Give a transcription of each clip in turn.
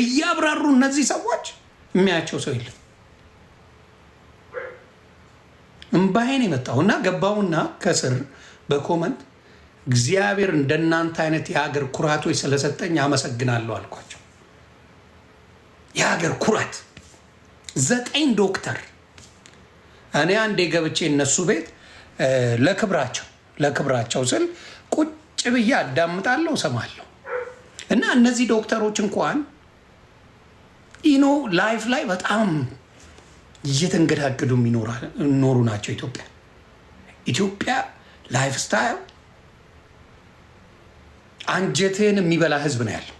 እያብራሩ እነዚህ ሰዎች የሚያያቸው ሰው የለም። እምባይን የመጣው እና ገባውና ከስር በኮመንት እግዚአብሔር እንደናንተ አይነት የሀገር ኩራቶች ስለሰጠኝ አመሰግናለሁ አልኳቸው። የሀገር ኩራት ዘጠኝ ዶክተር እኔ አንዴ ገብቼ እነሱ ቤት ለክብራቸው ለክብራቸው ስል ቁጭ ብዬ አዳምጣለሁ፣ ሰማለሁ እና እነዚህ ዶክተሮች እንኳን ኢኖ ላይፍ ላይ በጣም እየተንገዳገዱ የሚኖሩ ናቸው። ኢትዮጵያ ኢትዮጵያ ላይፍ ስታይል አንጀትህን የሚበላ ህዝብ ነው ያለው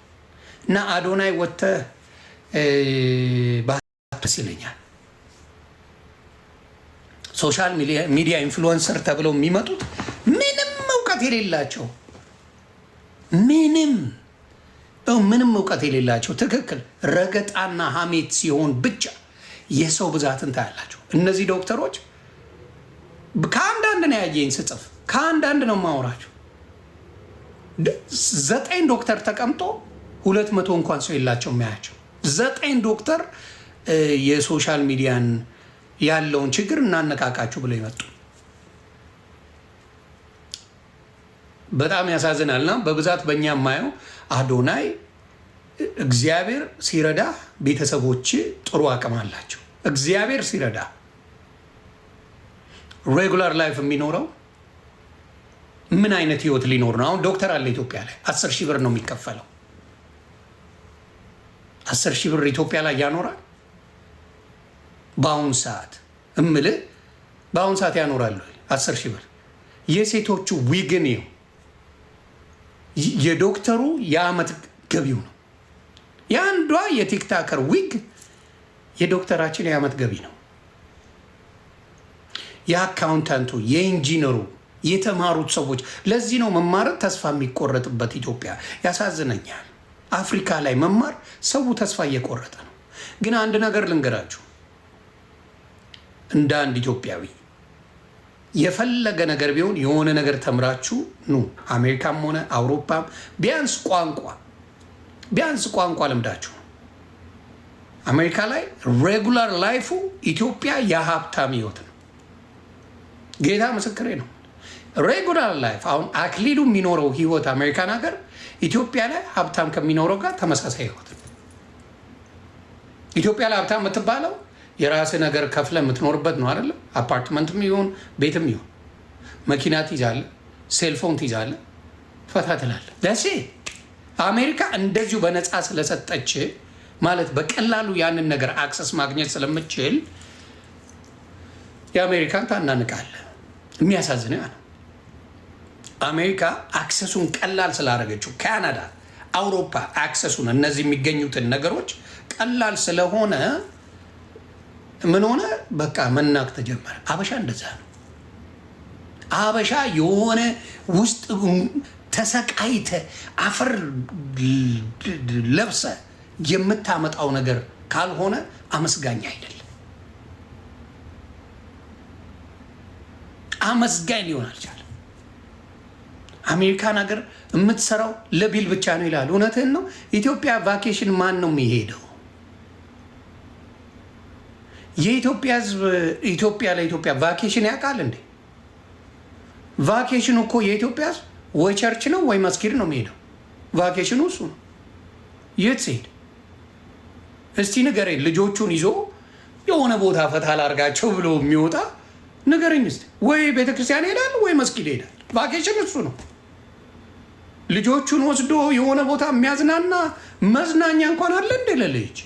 እና አዶናይ ወጥተህ ባስ ይለኛል። ሶሻል ሚዲያ ኢንፍሉወንሰር ተብለው የሚመጡት ምንም እውቀት የሌላቸው ምንም ምንም እውቀት የሌላቸው ትክክል ረገጣና ሀሜት ሲሆን ብቻ የሰው ብዛትን ታያላቸው። እነዚህ ዶክተሮች ከአንዳንድ ነው ያየኝ ስጽፍ ከአንዳንድ ነው ማውራቸው ዘጠኝ ዶክተር ተቀምጦ ሁለት መቶ እንኳን ሰው የላቸው የሚያያቸው ዘጠኝ ዶክተር የሶሻል ሚዲያን ያለውን ችግር እናነቃቃችሁ ብለው ይመጡ በጣም ያሳዝናልና በብዛት በእኛ የማየው አዶናይ እግዚአብሔር ሲረዳ ቤተሰቦች ጥሩ አቅም አላቸው። እግዚአብሔር ሲረዳ ሬጉላር ላይፍ የሚኖረው ምን አይነት ህይወት ሊኖር ነው? አሁን ዶክተር አለ ኢትዮጵያ ላይ አስር ሺህ ብር ነው የሚከፈለው። አስር ሺህ ብር ኢትዮጵያ ላይ ያኖራል። በአሁን ሰዓት እምልህ በአሁን ሰዓት ያኖራሉ አስር ሺህ ብር የሴቶቹ ዊግን ይው የዶክተሩ የአመት ገቢው ነው። የአንዷ የቲክታከር ዊግ የዶክተራችን የአመት ገቢ ነው። የአካውንታንቱ፣ የኢንጂነሩ፣ የተማሩት ሰዎች ለዚህ ነው መማር ተስፋ የሚቆረጥበት ኢትዮጵያ። ያሳዝነኛል። አፍሪካ ላይ መማር ሰው ተስፋ እየቆረጠ ነው። ግን አንድ ነገር ልንገራችሁ እንደ አንድ ኢትዮጵያዊ የፈለገ ነገር ቢሆን የሆነ ነገር ተምራችሁ ኑ። አሜሪካም ሆነ አውሮፓም ቢያንስ ቋንቋ ቢያንስ ቋንቋ ልምዳችሁ አሜሪካ ላይ ሬጉላር ላይፉ ኢትዮጵያ የሀብታም ህይወት ነው። ጌታ ምስክሬ ነው። ሬጉላር ላይፍ አሁን አክሊሉ የሚኖረው ህይወት አሜሪካን ሀገር ኢትዮጵያ ላይ ሀብታም ከሚኖረው ጋር ተመሳሳይ ህይወት ነው። ኢትዮጵያ ላይ ሀብታም የምትባለው የራሴ ነገር ከፍለ የምትኖርበት ነው አይደለም። አፓርትመንትም ይሁን ቤትም ይሁን መኪና ትይዛለ፣ ሴልፎን ትይዛለ ፈታ ትላለ። ደሴ አሜሪካ እንደዚሁ በነፃ ስለሰጠች ማለት በቀላሉ ያንን ነገር አክሰስ ማግኘት ስለምችል የአሜሪካን ታናንቃለ። የሚያሳዝን ያ ነው። አሜሪካ አክሰሱን ቀላል ስላደረገችው ካናዳ፣ አውሮፓ አክሰሱን እነዚህ የሚገኙትን ነገሮች ቀላል ስለሆነ ምን ሆነ? በቃ መናቅ ተጀመረ። አበሻ እንደዛ ነው። አበሻ የሆነ ውስጥ ተሰቃይተ አፈር ለብሰ የምታመጣው ነገር ካልሆነ አመስጋኝ አይደለም። አመስጋኝ ሊሆን አልቻለም። አሜሪካን ሀገር የምትሰራው ለቢል ብቻ ነው ይላል። እውነትህን ነው። ኢትዮጵያ ቫኬሽን ማን ነው የሚሄደው? የኢትዮጵያ ህዝብ ኢትዮጵያ ለኢትዮጵያ ቫኬሽን ያውቃል እንዴ? ቫኬሽኑ እኮ የኢትዮጵያ ህዝብ ወይ ቸርች ነው ወይ መስጊድ ነው የሚሄደው። ቫኬሽኑ እሱ ነው። የት ሲሄድ እስቲ ንገረኝ። ልጆቹን ይዞ የሆነ ቦታ ፈታ ላርጋቸው ብሎ የሚወጣ ንገረኝ እስቲ። ወይ ቤተክርስቲያን ይሄዳል ወይ መስጊድ ይሄዳል። ቫኬሽን እሱ ነው። ልጆቹን ወስዶ የሆነ ቦታ የሚያዝናና መዝናኛ እንኳን አለ እንደ ለልጅ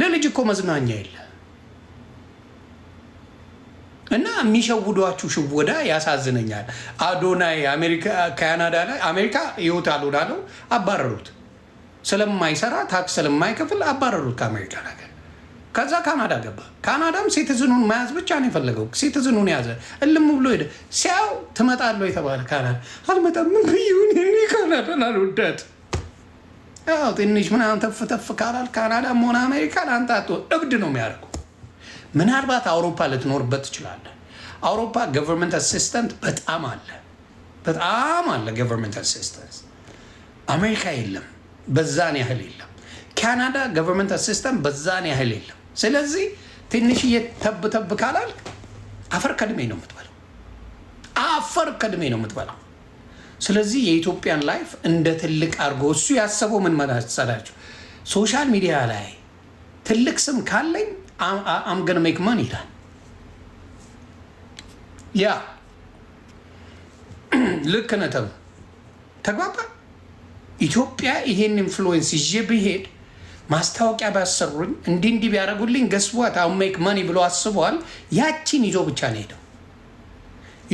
ለልጅ እኮ መዝናኛ የለ እና የሚሸውዷችሁ ሽወዳ ያሳዝነኛል። አዶናይ ካናዳ ላይ አሜሪካ ህይወት አልሆናለው አባረሩት። ስለማይሰራ ታክስ ስለማይከፍል አባረሩት ከአሜሪካ ነገር። ከዛ ካናዳ ገባ። ካናዳም ሴትዝኑን መያዝ ብቻ ነው የፈለገው። ሴትዝኑን ያዘ፣ እልም ብሎ ሄደ። ሲያው ትመጣለ የተባለ ካናዳ አልመጣም። ምን ብዩን ካናዳን አልወዳት ትንሽ ምናምን ተፍ ተፍ ካላል ካናዳ መሆን አሜሪካን አንጣጦ እብድ ነው የሚያደርጉ ምናልባት አውሮፓ ልትኖርበት ትችላለህ። አውሮፓ ገቨርንመንት አሲስተንት በጣም አለ፣ በጣም አለ ገቨርንመንት አሲስተንስ። አሜሪካ የለም፣ በዛን ያህል የለም። ካናዳ ገቨርንመንት አሲስተንት በዛን ያህል የለም። ስለዚህ ትንሽዬ ተብ ተብ ካላል? አፈር ከድሜ ነው የምትበላው፣ አፈር ከድሜ ነው የምትበላው። ስለዚህ የኢትዮጵያን ላይፍ እንደ ትልቅ አድርጎ እሱ ያሰበው ምን መሰላችሁ? ሶሻል ሚዲያ ላይ ትልቅ ስም ካለኝ I'm going to make money then. ያ ልክ ነህ ተብሎ ተግባባ። ኢትዮጵያ ይሄን ኢንፍሉዌንስ ይዤ ብሄድ ማስታወቂያ ባሰሩኝ እንዲህ እንዲህ ቢያደርጉልኝ ገስቧት አሁን ሜክ መኒ ብሎ አስበዋል። ያቺን ይዞ ብቻ ነው ሄደው።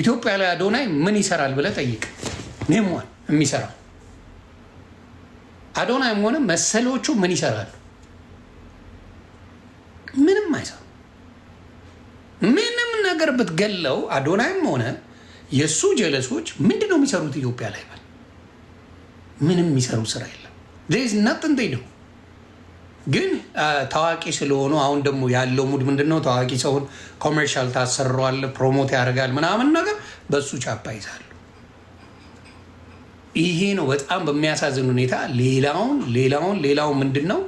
ኢትዮጵያ ላይ አዶናይ ምን ይሰራል ብለህ ጠይቅ። ኔሟን የሚሰራው አዶናይም ሆነ መሰሎቹ ምን ይሰራሉ? ምንም አይሰሩም። ምንም ነገር ብትገለው አዶናይም ሆነ የእሱ ጀለሶች ምንድን ነው የሚሰሩት ኢትዮጵያ ላይ ባል ምንም የሚሰሩ ስራ የለም። ዝ እናጥንት ነው ግን ታዋቂ ስለሆኑ አሁን ደግሞ ያለው ሙድ ምንድነው? ታዋቂ ሰውን ኮመርሻል ታሰሯል፣ ፕሮሞት ያደርጋል ምናምን ነገር በእሱ ቻፓ ይዛሉ። ይሄ ነው በጣም በሚያሳዝን ሁኔታ ሌላውን ሌላውን ሌላውን ምንድን ነው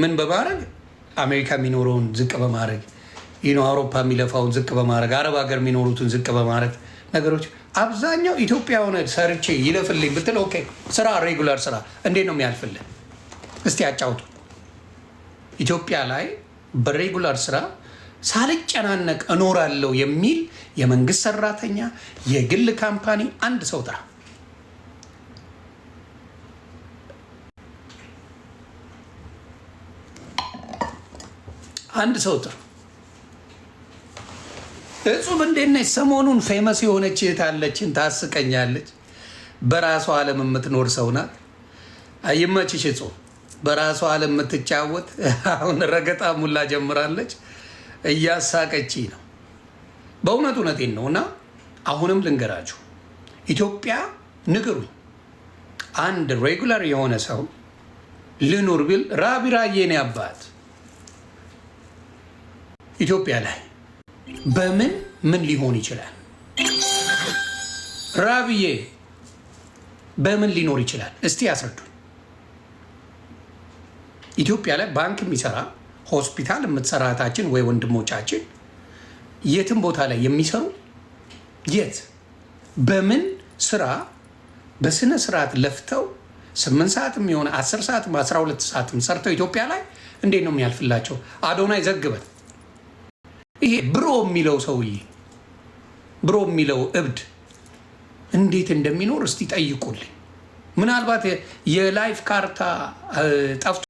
ምን በማድረግ አሜሪካ የሚኖረውን ዝቅ በማድረግ ይኖ አውሮፓ የሚለፋውን ዝቅ በማድረግ አረብ ሀገር የሚኖሩትን ዝቅ በማድረግ ነገሮች አብዛኛው ኢትዮጵያ ሆነ ሰርቼ ይለፍልኝ ብትል ኦኬ፣ ስራ ሬጉላር ስራ እንዴት ነው የሚያልፍልን? እስቲ አጫውቱ። ኢትዮጵያ ላይ በሬጉላር ስራ ሳልጨናነቅ እኖራለሁ የሚል የመንግስት ሰራተኛ፣ የግል ካምፓኒ አንድ ሰው ጥራ። አንድ ሰው ጥሩ እጹብ እንዴት ነች? ሰሞኑን ፌመስ የሆነች የታለችን ታስቀኛለች። በራሷ ዓለም የምትኖር ሰው ናት። ይመችሽ እጹብ። በራሷ ዓለም የምትጫወት አሁን ረገጣ ሙላ ጀምራለች። እያሳቀች ነው። በእውነት እውነቴን ነው እና አሁንም ልንገራችሁ ኢትዮጵያ ንግሩኝ፣ አንድ ሬጉላር የሆነ ሰው ልኑር ቢል ራቢራዬን ያባት ኢትዮጵያ ላይ በምን ምን ሊሆን ይችላል? ራብዬ በምን ሊኖር ይችላል? እስቲ ያስረዱ። ኢትዮጵያ ላይ ባንክ የሚሰራ ሆስፒታል የምትሰራ እህታችን ወይ ወንድሞቻችን የትም ቦታ ላይ የሚሰሩ የት በምን ስራ በስነ ስርዓት ለፍተው ስምንት ሰዓትም የሆነ አስር ሰዓትም አስራ ሁለት ሰዓትም ሰርተው ኢትዮጵያ ላይ እንዴት ነው የሚያልፍላቸው? አዶናይ ዘግበት ይሄ ብሮ የሚለው ሰውዬ ብሮ የሚለው እብድ እንዴት እንደሚኖር እስቲ ጠይቁልኝ። ምናልባት የላይፍ ካርታ ጠፍቶ